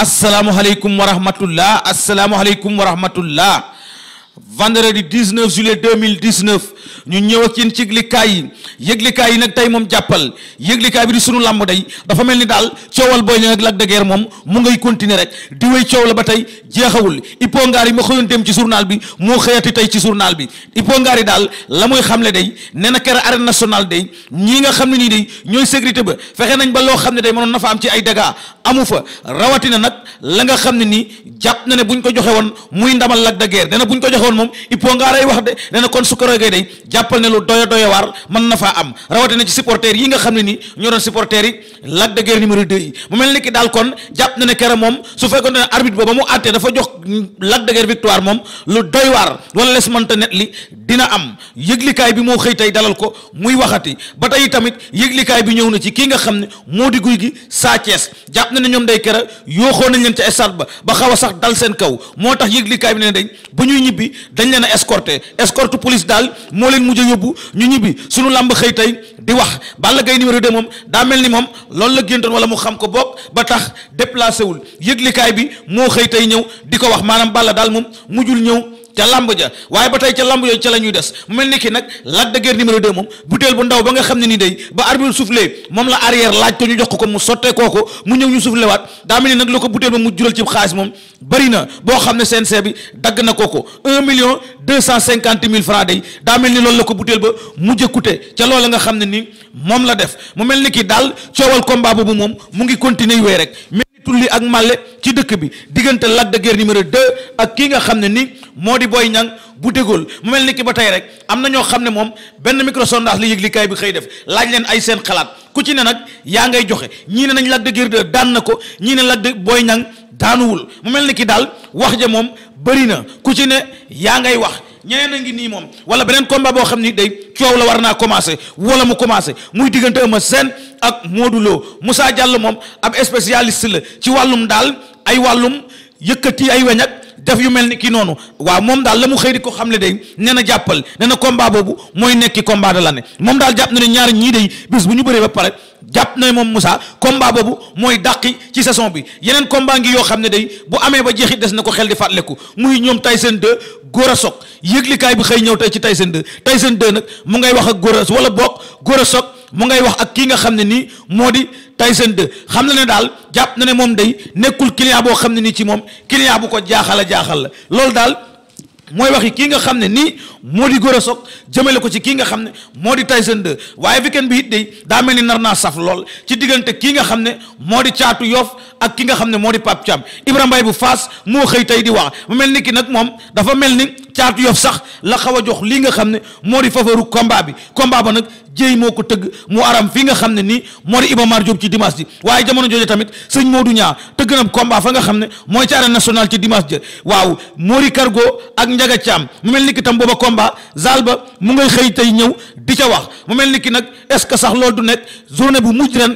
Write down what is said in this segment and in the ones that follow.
asalaamualeykum wa rahmatullah asalaamualeykum wa rahmatullah vendredi 19 juillet 2019 ñu ñëw ak yéen ci yëglikaay yi kaay yi nag tey moom jàppal yëglikaay bi di sunu làmb day dafa mel ni daal coowal Boy Niang ak Lac moom mu ngay continuer rek di wéy coow la ba tey jeexawul ipongaar yi ma xëyoon dem ci journal bi moo xëyati tey ci journal bi ipongaar yi daal la muy xamle day nee na kere arène nationale day ñii nga xam ne nii day ñooy sécurité ba fexe nañ ba loo xam ne day mënoon na fa am ci ay dégâts amu fa rawatina nag la nga xam nii jàpp na ne buñ ko joxe woon muy ndamal Lac de Guiers nee na ko joxe waxoon moom il faut nga rey wax de nee kon su ko day jàppal ne lu doyo doyo waar mën na faa am rawatina ci supporters yi nga xam ne ni ñoo doon supporters yi Lac de Guiers numéro 2 yi mu mel ni ki daal kon jàpp na ne kere moom su fekkoon ne arbitre booba mu àttee dafa jox Lac de Guiers victoire moom lu doy waar wala les mënta net li dina am yëglikaay bi moo xëy tey dalal ko muy waxati ba tey tamit yëglikaay bi ñëw na ci kii nga xam ne moo di guy gi Sa Thiès na ñoom day kere yooxoo nañ leen ca stade ba ba xaw a sax dal seen kaw moo tax yëglikaay bi ne dañ leen a escorté escorte police daal moo leen mujj a yóbbu ñu ñibbi suñu làmb xëy tey di wax Balla gay numéro de moom daa mel ni moom loolu la géntoon wala mu xam ko bokk ba tax déplacé wul yëglikaay bi moo xëy tey ñëw di ko wax maanaam Balla daal moom mujjul ñëw ca lamb ja waaye ba tey ca lamb yooyu ca la ñuy des mu mel ni kii nag Lac de Guiers numéro de moom butéel bu ndaw ba nga xam ne ni day ba arbitre soufflé moom la arrière laaj te ñu jox ko mu sottee kooku mu ñëw ñu soufflé waat daa mel ni nag la ko butéel ba mu jural ci xaalis moom bëri na boo xam ne CNG bi dagg na kooku un million deux cent cinquante mille francs day daa mel ni loolu la ko butéel ba mujj a coûté ca loola nga xam ne ni moom la def mu mel ni ki daal coowal combat boobu moom mu ngi continuer wee rek tulli ak màlle ci dëkk bi diggante Lac de Guiers numéro 2 ak kii nga xam ne ni moo di Boy Niang bu dégool mu mel ni ki ba tey rek am na ñoo xam ne moom benn micro sondage la yëglikaay bi xëy def laaj leen ay seen xalaat ku ci ne nag yaa ngay joxe ñii ne nañ Lac de daan na ko ñii ne Lac de Boy Niang daanuwul mu mel ni ki daal wax ja moom bari na ku ci ne yaa ngay wax ñeneen a ngi nii moom wala beneen combat boo xam ni day coow la war naa commencé wala mu commencé muy diggante Eumeu seen ak Modou Lo Moussa Diallo moom ab spécialiste la ci wàllum daal ay wàllum yëkkati ay weñ def yu mel ni ki noonu waaw moom daal la mu xëy di ko xam ne day nee na jàppal nee na combat boobu mooy nekki combat de l'année moom daal jàpp na ne ñaari ñii day bis bu ñu bëree ba pare jàpp na moom Moussa combat boobu mooy dàqi ci saison bi yeneen combat ngi yoo xam ne day bu amee ba jeexit des na ko xel di fàttaliku muy ñoom Tyson 2 a Sock yëglikaay bi xëy ñëw tey ci Tyson 2 Tyson 2 nag mu ngay wax ak Gora wala góor a Sock mu ngay wax ak kii nga xam ne nii moo di Tyson 2 xam na ne daal jàpp na ne moom day nekkul client boo xam ne nii ci moom client bu ko jaaxal a jaaxal la loolu daal mooy waxi kii nga xam ne nii moo di Gora Sock jëmale ko ci kii nga xam ne moo di Tyson 2 waaye weekend bi it day daa mel ni nar naa saf lool ci diggante kii nga xam ne moo di caatu yoof ak ki nga xam ne moo di Pape Thiam Ibrahima Mbaye bu Faas moo xëy tey di wax mu mel ni ki nag moom dafa mel ni caatu yof sax la xaw a jox lii nga xam ne moo di fafaru combat bi combat ba nag jéy moo ko tëgg mu aram fii nga xam ne nii moo di Iba Mar Diop ci waaye jamono jooju tamit sëñ Modou Niang tëgg na combat fa nga xam ne mooy ci arène nationale ci dimanche ja waaw Mori Cargo ak Njaga Caam mu mel ni ki tam booba combat zal ba mu ngay xëy tey ñëw di ca wax mu mel ni ki nag est-ce que sax loolu du nekk journée bu mujj ren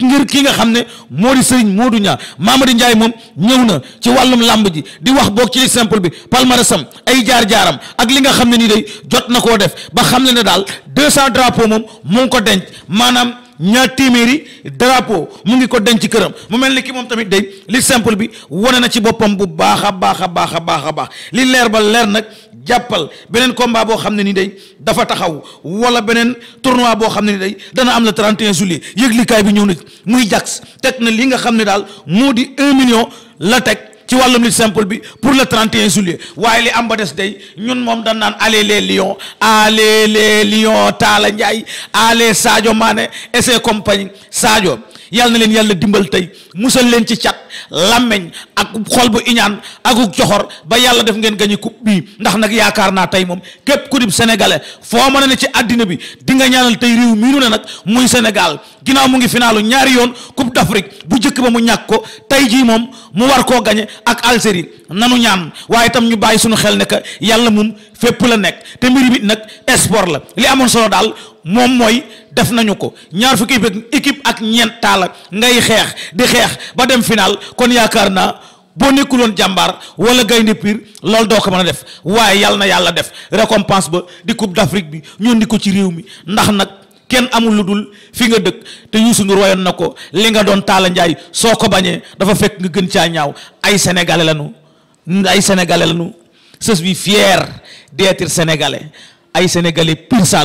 ngir ki nga xam ne moo di Serigne Modou Niang Mamady Ndiaye moom ñëw na ci wàllum làmb ji di wax boog ci simple bi palmarèsam ay jaar-jaaram ak li nga xam ne nii day jot na koo def ba xam ne ne daal deux cent drapeaux moom mu ngi ko denc maanaam ñaar téeméeri drapeau mu ngi ko denc këram mu mel ni ki moom tamit day li simple bi wane na ci boppam bu baax a baax a baax a baax a baax li leer ba leer nag jàppal beneen combat boo xam ne ni day dafa taxaw wala beneen tournoi boo xam ne ni day dana am le 31 juillet yëglikaay bi ñëw na muy jax teg na li nga xam ne daal moo di un million la teg ci wàllum lutte simple bi pour le 31 juillet waaye li am ba des day ñun moom dañ naan allez les lions allez le lions Talla Ndiaye allez Sadio Mané et ses compagnie Sadio yàlla na leen yàlla dimbal tey musal leen ci cat làmmeñ ak xool bu iñaan akuk joxor ba yàlla def ngeen gañi coupe bii ndax nag yaakaar naa tey moom képp ku dib sénégalais foo mën na ci àddina bi di nga ñaanal tey réew mii ne nag muy Sénégal ginnaaw mu ngi finaalu ñaari yoon coupe d'Afrique bu jëkk ba ñàkk ak Algérie nanu ñaan waaye itam ñu bàyyi suñu xel ne yàlla moom fépp la nekk te mbir bi nag sport la li amoon solo daal moom mooy def nañu ko ñaar fukki équipe ak ñeent taala ngay xeex di xeex ba dem final kon yaakaar naa boo nekkuloon jàmbaar wala gaynde piir lool doo ko mën a def waaye yàlla na yàlla def récompense ba di coupe d'Afrique bi ñoon di ko ci réew mi ndax nag kenn amul lu dul fi nga dëkk te Youssou Ndour wayoon na ko li nga doon taala Ndiaye soo ko bañee dafa fekk nga gën caa ñaaw ay sénégalais lanu ay sénégalais lañu sës bi fier d'être sénégalais ay sénégalais pur ça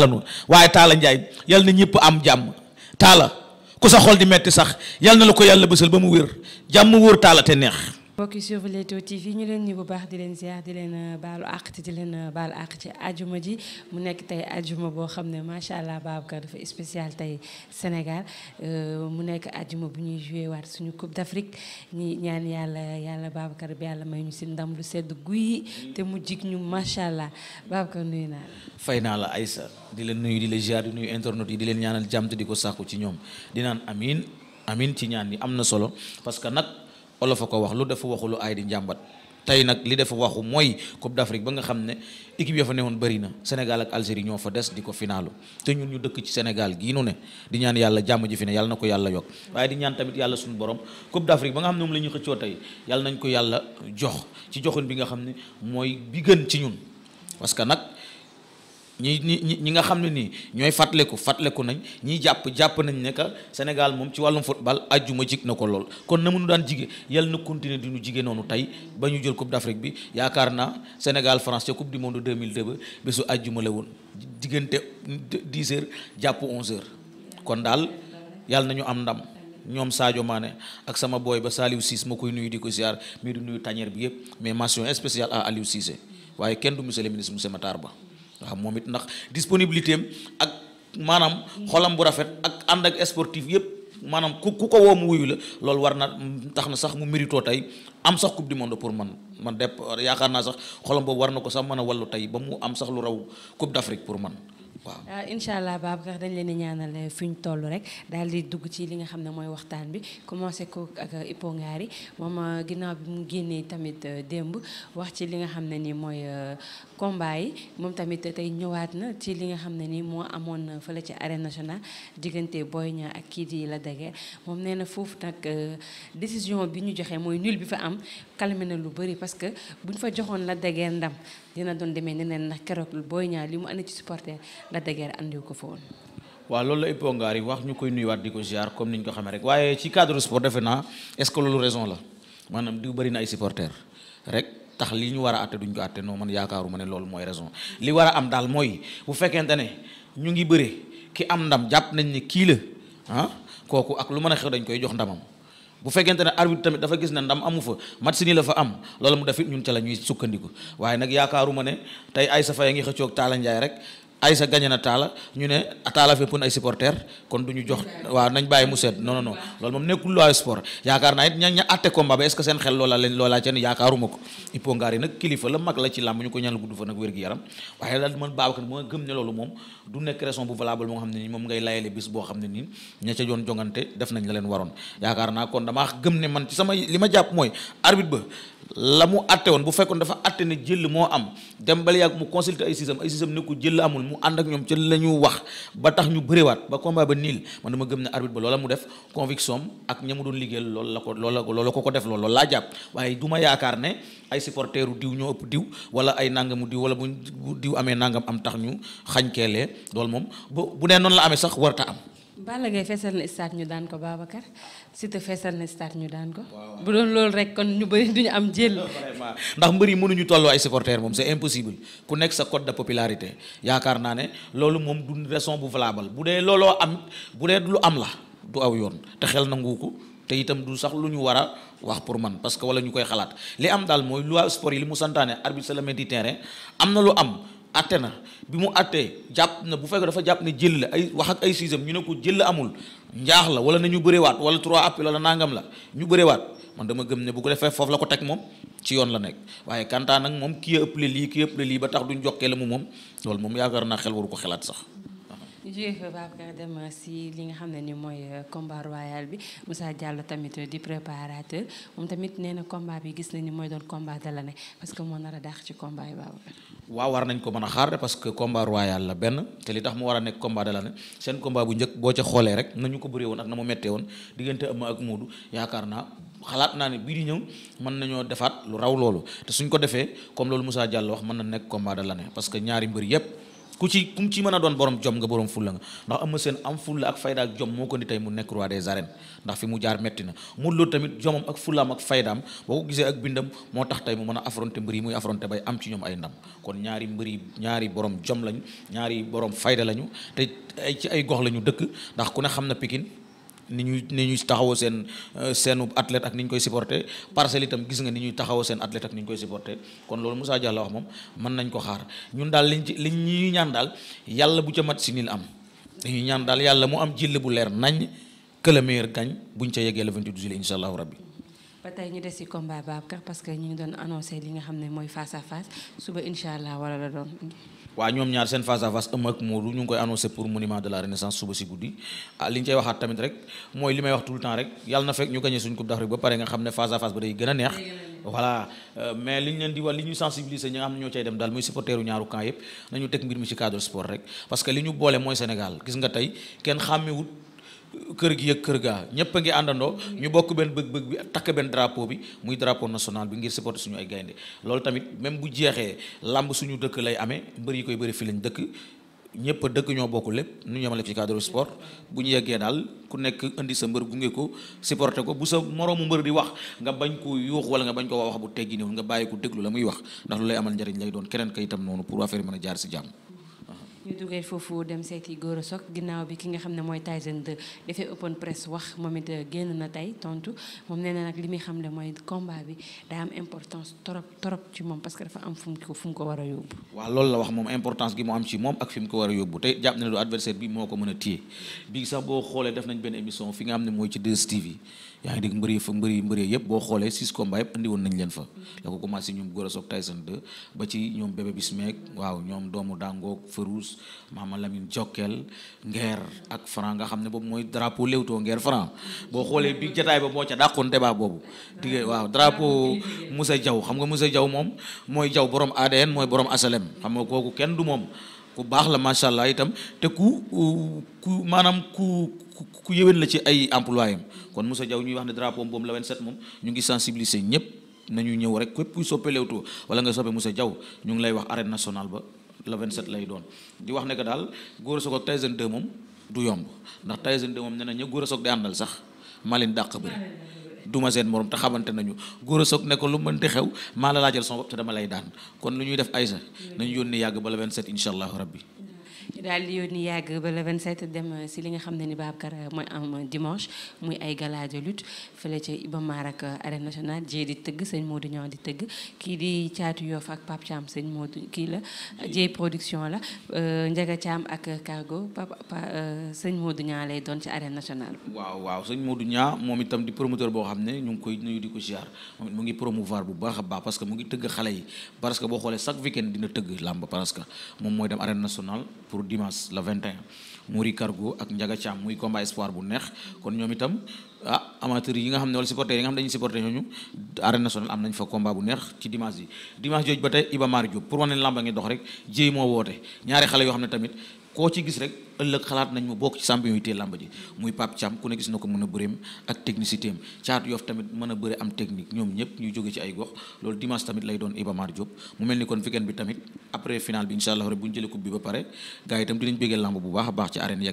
waaye Talla Ndiaye yal na ñëpp am jàmm Talla ku sa xol di metti sax yal na la ko yàlla bësal ba mu wér jàmm wóor Talla te neex mbokk yi sur Leewtoo TV ñu leen nii bu baax di leen ziar di leen euh, baalu àq te leen euh, baalu àq ci ajuma ji mu nekk tey ajuma boo xam ne macha allah Babacar dafa spécial tey Sénégal euh, mu nekk ajuma bu ñuy joué waat suñu Coupe d'Afrique ñi ñaan yàlla yàlla Babacar bi yàlla may ñu si ndam lu sedd guyy te mu jig ñu macha allah Babacar nuyu naa la. fay naa la Aïssa di leen nuyu di la ziar di nuyu internet yi di leen ñaanal jàmm di ko sàkku ci ñoom di naan amin amin ci ñaan yi am na solo olof a ko wax lu dafa waxu lu aay di njàmbat tey nag li dafa waxu mooy Coupe d'Afrique ba nga xam ne équipe ya fa newoon bëri na Sénégal ak Algérie ñoo fa des di ko finaalu te ñun ñu dëkk ci Sénégal gii nu ne di ñaan yàlla jàmm ji fi ne yàlla na ko yàlla yokk waaye di ñaan tamit yàlla suñu borom Coupe d'Afrique ba nga xam ne moom la ñu xëccoo tey yàlla nañ ko yàlla jox ci joxin bi nga xam ne mooy bi gën ci ñun parce nag ñi ñi ñi nga xam ne nii ñooy fàttaleku fàttaleku nañ ñi jàpp jàpp nañ ne que Sénégal moom ci wàllum football ajjuma jig na ko lool kon na mënu daan jige yàlla na continuer di ñu jige noonu tey ba ñu jël coupe d'Afrique bi yaakaar naa Sénégal France ca coupe du monde 2002 ba bésu ajjuma la woon diggante 10 heures jàpp 11 heures kon daal yal na ñu am ndam ñoom Sadio Mané ak sama booy ba Saliou Cissé ma koy nuyu di ko ziar mais di nuyu tanière bi yëpp mais à Aliou Cissé kenn du monsieur le ministre monsieur Ba waaw moom it ndax disponibilité ak maanaam xolam bu rafet ak ànd ak esportive yëpp maanaam ku ku ko woo mu wuyu la loolu war na tax na sax mu mérito tey am sax coupe du monde pour man man depp yaakaar naa sax xolam boobu war na ko sax man a wallu tey ba mu am sax lu raw coupe d'Afrique pour man waaw euh, incha allah Babacar dañ leen di ñaanal euh, fi ñu toll rek daal di dugg ci li nga xam ne mooy waxtaan bi commencé ko ak euh, Hippo Ngary moom ginnaaw bi mu génnee tamit démb wax ci li nga xam ne nii mooy combat yi moom tamit tey ñëwaat na ci li nga xam ne nii moo amoon fële ci arène national diggante Boy Niang ak kii la dege moom nee na foofu nag décision bi ñu joxee mooy nul bi fa am calmé na lu bëri parce que buñ fa joxoon la degeer ndam dina doon demee neneen ndax keroog booy ñaar li mu andi ci supporter la degeer andiw ko fa woon waaw loolu la ippongaar yi wax ñu koy nuyuwaat di ko ziar comme niñ ko xamee rek waaye ci cadre sport defe naa est-ce que loolu raison la maanaam diw bëri na ay supporter rek tax li ñu war a àtte duñ ko àtte non man yaakaaruma ne loolu mooy raison li war a am daal mooy bu fekkente ne ñu ngi bëre ki am ndam jàpp nañ ni kii la ah, kooku ak lu mën a xew dañ koy jox ndamam bu fekkente ne arbitre tamit dafa gis ne ndam amu fa match ni la fa am loolu mu def it ñun ca la ñuy sukkandiku waaye nag yaakaaruma ne tey Aïssa Faye a ngi xëccoog Talla Ndiaye rek Aïssa gagné na Talla ñu ne Talla fépp ay supporter kon du ñu jox waaw nañ bàyyi mu sedd non non non loolu moom nekkul loi sport yaakaar naa it ña ña àtte combat ba est-ce loolu moom du nekk raison bu valable moo moom ngay layale bis boo xam ne nii ña jongante def nañ la leen waroon yaakaar naa kon damaa gëm ne man ci sama li ma jàpp mooy arbitre ba la mu àtte woon bu fekkoon dafa àtte ne jël moo am dem bal yàgg mu consulter ay sisam mu ànd ak ñoom ca la ñu wax ba tax ñu bëréwaat ba combat ba niil man dama gëm ne arbitre ba loola mu def conviction ak ña mu doon liggéeyal loolu la ko loola loola ko ko def loolu laa jàpp waaye du ma yaakaar ne ay supporteru diw ñoo ëpp diw wala ay nangamu diw wala bu diw amee nangam am tax ñu xañ keelee loolu moom bu bu neen noonu la amee sax warta am Balla Gaye feesal na stade ñu daan ko Babacar Siteu feesal na stade ñu daan ko. bu doon loolu rek kon ñu bëri duñu am jël. ndax mbër yi mënuñu tolloo ay supporters moom sa impossible ku nekk sa code de popularité yaakaar naa ne loolu moom du raison bu valable bu dee looloo am bu dee lu am la du aw yoon te xel nangu ko te itam du sax lu ñu war a wax pour man parce que wala ñu koy xalaat li am daal mooy loi sport yi li mu santaane arbitre sa la di am na lu am. atte na bi mu attee jàpp na bu fekk dafa jàpp ne jël la ay wax ak ay siisam ñu ne ko jël la amul njaax la wala na ñu bërewaat wala trois appels wala nangam la ñu bërewaat man dama gëm ne bu ko defee foofu la ko teg moom ci yoon la nekk waaye kantaan nag moom kii ëpp le lii kii ëpp le lii ba tax duñu jokkee la mu moom loolu moom yaakaar naa xel waru ko xelaat sax jërëjëf li nga xam ne ni mooy euh, combat royal bi Moussa Diallo tamit di préparateur moom tamit nee na combat bi gis nañ ni mooy doon combat de l'année parce que moo nar a dàq ci combat waaw war nañ ko mën a xaar parce que combat royal la benn te li tax mu war a nekk combat de l'année seen combat bu njëkk boo ca xoolee rek nañu ko bëree woon ak na mu méttee woon diggante Eumeu ak Modou yaakaar naa. xalaat naa ne bii di ñëw mën nañoo defaat lu raw loolu te suñ ko defee comme loolu musaa Diallo wax mën na nekk combat de l'année parce que ñaari mbër yépp ku ci ku ci mën a doon borom jom nga borom fulla nga ndax Eumeu Sène am fulla ak fayda ak jom moo ko ni tey mu nekk roi des arènes ndax fi mu jaar metti na Modou Lo tamit jomam ak fullaam ak faydaam boo ko gisee ak bindam moo tax tey mu mën a affronter mbër yi muy affronter bay am ci ñoom ay ndam kon ñaari mbër yi ñaari borom jom lañ ñaari borom fayda lañu te ay ci ay gox lañu dëkk ndax ku ne xam na pikin ni ñuy ni ñuy taxawoo seen euh, seenu athlète ak ni ñu koy supporter parcelle itam gis nga ni ñuy taxawoo seen athlète ak ni ñu koy supporter kon loolu Moussa Diallo wax moom mën nañ ko xaar ñun daal liñ ñuy ñaan daal yàlla bu ca si niil am dañuy ñaan daal yàlla mu am jël bu leer nañ que le meilleur gagne buñ ca yeggee le 28 juillet incha allahu rabbi. parce que ñu doon annoncé li nga xam ne mooy face suba incha allah wala la doon. waaye ñoom ñaar seen face à face Eumeu ak Modou ñu ngi koy annoncé pour monument de la renaissance suba si guddi ah, li ñu cay waxaat tamit rek mooy li may wax tout temps rek yàlla na fekk ñu gagné suñ coupe d'Afrique ba pare nga xam ne face à face ba day gën a neex voilà euh, mais li ñu leen di wax li ñu sensibiliser ñi nga xam ñoo cay dem daal muy supporteru ñaaru camp yëpp nañu teg mbir mi ci cadre sport rek parce que li ñu boole mooy Sénégal gis nga tey kenn kër gi yëg kër gaa ñëpp ngi àndandoo ñu bokk benn bëgg-bëgg bi takk benn drapeau bi muy drapeau national bi ngir supporter suñu ay gaynde loolu tamit même bu jeexee làmb suñu dëkk lay amee mbër yi koy bëri fii lañ dëkk ñëpp dëkk ñoo bokk lépp nu ñu yemale ci cadre sport bu ñu yeggee daal ku nekk indi sa mbër gunge ko supporter ko bu sa moroomu mbër di wax nga bañ ko yuux wala nga bañ ko wax bu teggi niwul nga bàyyi ko déglu la muy wax ndax lu lay amal njariñ lay doon keneen kay itam noonu pour affaire mën a jaar si jàmm ñu duggee foofu dem seeti Gora Sock ginnaaw bi ki nga xam ne mooy Tyson 2 dafay open press wax moom it euh, génn na tey tontu moom nee na li muy xam ne mooy combat bi daa am importance trop trop ci moom parce que dafa am fu mu ko fu mu ko war a yóbbu. waa loolu la wax moom importance gi mu am ci moom ak fi mu ko war a yóbbu tey jàpp na ne du adversaire bi moo ko mën a téye bii sax boo xoolee def nañ benn émission fi nga xam ne mooy ci 2STV. yaa ngi dégg mbër yi fa mbër yi mbër yëpp boo xoolee six combats yëpp andi woon nañ leen fa la ko commencé ñoom Gora Sock Tyson 2 ba ci ñoom bébé Bismeek waaw ñoom doomu Dangoog Farouz a Lamine Jokkel Nguer ak Franc nga xam ne boobu mooy drapeau Leewtoo Nguer Franc boo xoolee bi jataay ba moo ca dàqoon débat boobu digée waaw drapeau Moussa Diaw xam nga Moussa jaw moom mooy Diaw borom ADN mooy borom asalem xam nga kooku kenn du moom ku baax la macha allah itam te ku ku maanaam ku ku yëwén la ci ay employé kon Moussa Diaw ñuy wax ne drapeau boobu la 27 moom ñu ngi sensibiliser ñëpp nañu ñëw rek képp kuy soppe Leewtoo wala nga soppe Moussa Diaw ñu ngi lay wax arène nationale ba le 27 lay doon di wax ne que daal góor a soog ak Tyson 2 moom du yomb ndax Tyson 2 moom nee na ña góor a soog di àndal sax malin dàq bëri du ma seen morom te xamante nañu góor a soog ne ko lu mënti xew maa la laajal sama bopp te dama lay daan kon lu ñuy def aysa nañu yónni yàgg ba la 27 incha allahu rabbi ñu daal di yónni yàgg ba le 27 dem euh, si li nga xam ne ni Babacar euh, mooy am dimanche muy ay gala de lutte fële ak euh, arène nationale jee di tëgg sëñ Modou Niang di tëgg kii di Caatu Yoff ak Pape Thiam sëñ Modou kii la jee production la Ndiaga Thiam ak Cargo Papa sëñ Modou Niang lay doon ci arène nationale. waaw waaw sëñ Modou Niang moom itam di promoteur boo xam ne ñu ngi koy nuyu di ko ziar mu ngi promouvoir bu baax a baax parce que mu ngi tëgg xale yi parce que boo xoolee chaque week-end dina tëgg làmb parce que dimanche le 21 Mouri Cargo ak Njaga Caam muy combat espoir bu neex kon ñoom ah amateur yi nga xam ne wala supporter yi nga xam ne dañuy supporter ñooñu arène nationale am nañ fa combat bu neex ci dimanche yi dimanche jooju ba tey Iba Mar pour wane ne lamba ngi dox rek jéy moo woote ñaari xale yoo xam ne tamit koo ci gis rek ëllëg xalaat nañ mu bokk ci champion yi tee lamba ji muy Pape Thiam ku ne gis na ko mën a bëreem ak technicité am caatu Yoff mën a bëre am technique ñoom ñëpp ñu jóge ci ay gox loolu dimanche tamit lay doon Iba Mar Diop mu mel ni kon weekend bi tamit après final bi incha allah rek ñu jëlee coupe bi ba pare gars lamb bu baax a baax ci arène yi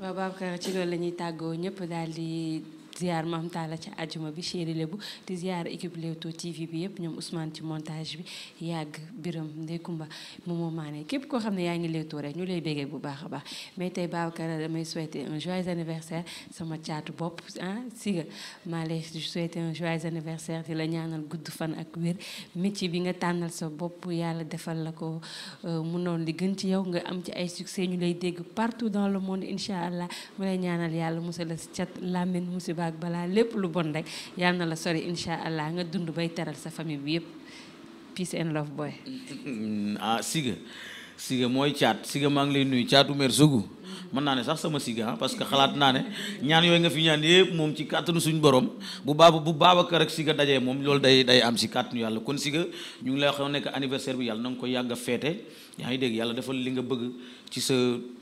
waaw Babacar ci loolu la ñuy tàggoo ñëpp daal di ziar Mame Talla ci àjjuma bi chéri Lebu di ziar équipe Leewtoo TV bi yëpp lay béggee a un joyeux anniversaire sama caatu bopp ah, siga maa lay souhaiter un joyeux anniversaire di la ñaanal gudd fan ak wér métier bi nga tànnal sa bopp yàlla defal la ko euh, mu noonu li gën ci yow nga am ci ay succès ñu lay dégg partout dans le monde incha allah mu lay ñaanal yàlla musal la si cat làmmiñ musiba musibaak balaa lépp lu bon rek yal na la sori incha allah nga dund bay teral sa famille bi yëpp peace and love boy. Mm, ah Siga Siga mooy caat Siga maa ngi lay nuyu caatu mère Sougou mën naa ne sax sama Siga ah, parce que xalaat naa ne ñaan yooyu nga fi ñaan yëpp moom ci kàttanu suñu borom bu baaba bu Babacar ak Siga dajee moom loolu day day am si kàttanu yàlla kon Siga ñu ngi lay wax nekk anniversaire bi yàlla na nga ko yàgg a feete yaa ngi dégg yàlla defal li nga bëgg ci sa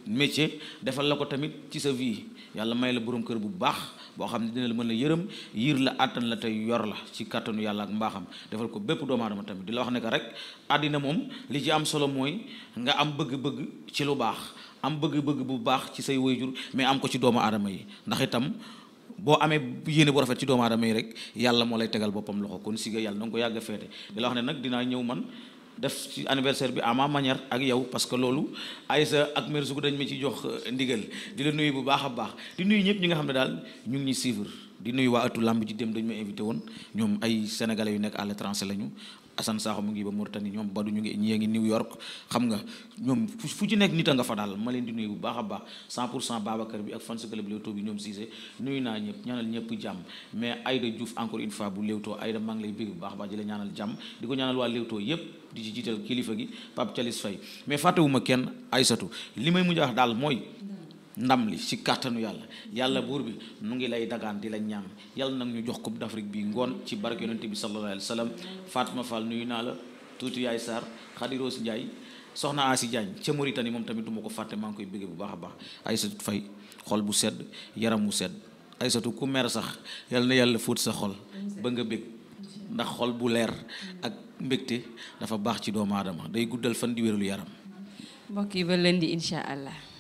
métier defal la ko tamit ci sa vie yàlla may kër bu baax. boo xam ne dina la mën la yërëm yiir la àttan la tey yor la ci kàttanu yàlla ak mbaaxam defal ko bépp doomu aadama tamit di la wax ne que rek àddina moom li ci am solo mooy nga am bëgg-bëgg ci lu baax am bëgg-bëgg bu baax ci say jur mais am ko ci doomu aadama yi ndax itam boo amee yéene bu rafet ci doomu aadama yi rek yàlla moo lay tegal boppam loxo kon si ga yàlla na nga ko yàgg a feete di la wax ne nag dinaa ñëw man def ci anniversaire bi à ma manière ak yow parce que loolu Aïssa ak mère Sougou dañ ma ci jox euh, ndigal di nuyu bu baax a baax di nuyu ñëpp ñi nga xam ne daal ñu ngi ñuy suivre di nuyu waa ëttu làmb dem dañu ma invité woon ñoom ay sénégalais yu nekk à l'étranger lañu Assane Sakho mu ngi ba Mauritanie ñoom Badou ñu ngi ngi New York nga ñoom fu a nga fa bu baax a baax 100 pour cent ñoom Cissé nuyu naa ñëpp jàmm mais Aïda Diouf encore une fois bu Leewtoo Aïda maa ngi lay bëgg bu baax baax di ñaanal jàmm di ko ñaanal waa Leewtoo yépp di ci jiital kilifa gi Pape Thialis Faye mais fàttewuma kenn Aysatu li may mujj wax daal mooy ndam li si kàttanu yàlla yàlla buur bi nu ngi lay dagaan di la ñaan yàlla nag ñu jox coupe d'Afrique bi ngoon ci barke yonente bi sallallahu alayhi wa sallam Fatma Fall nuyu naa la tuuti yaay Sarr Khady Rose Ndiaye soxna Asi Diagne ca Mauritanie moom tamit ko fàtte maa ngi koy bëggee bu baax a baax Aysatu Faye xol bu sedd yaram wu sedd Aysatu ku mer sax yal na yàlla fóot sa xol ba nga bëgg ndax xol bu leer ak mbégte dafa baax ci doomu aadama day guddal fan di wérlu yaram mbokk yi ba leen di incha allah